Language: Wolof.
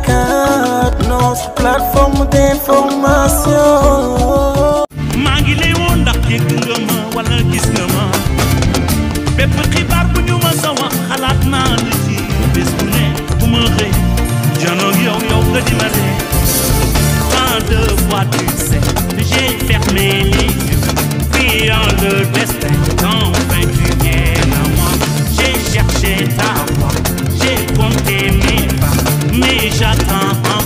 Dakar, notre plateforme d'information. maa ngi lay woon ndax dégg nga ma wala gis nga ma bépp xibaar bu ñu ma xalaat naa la ci bu ne bu ma xëy janoo yow yow nga dina de tant de fois tu sais j'attends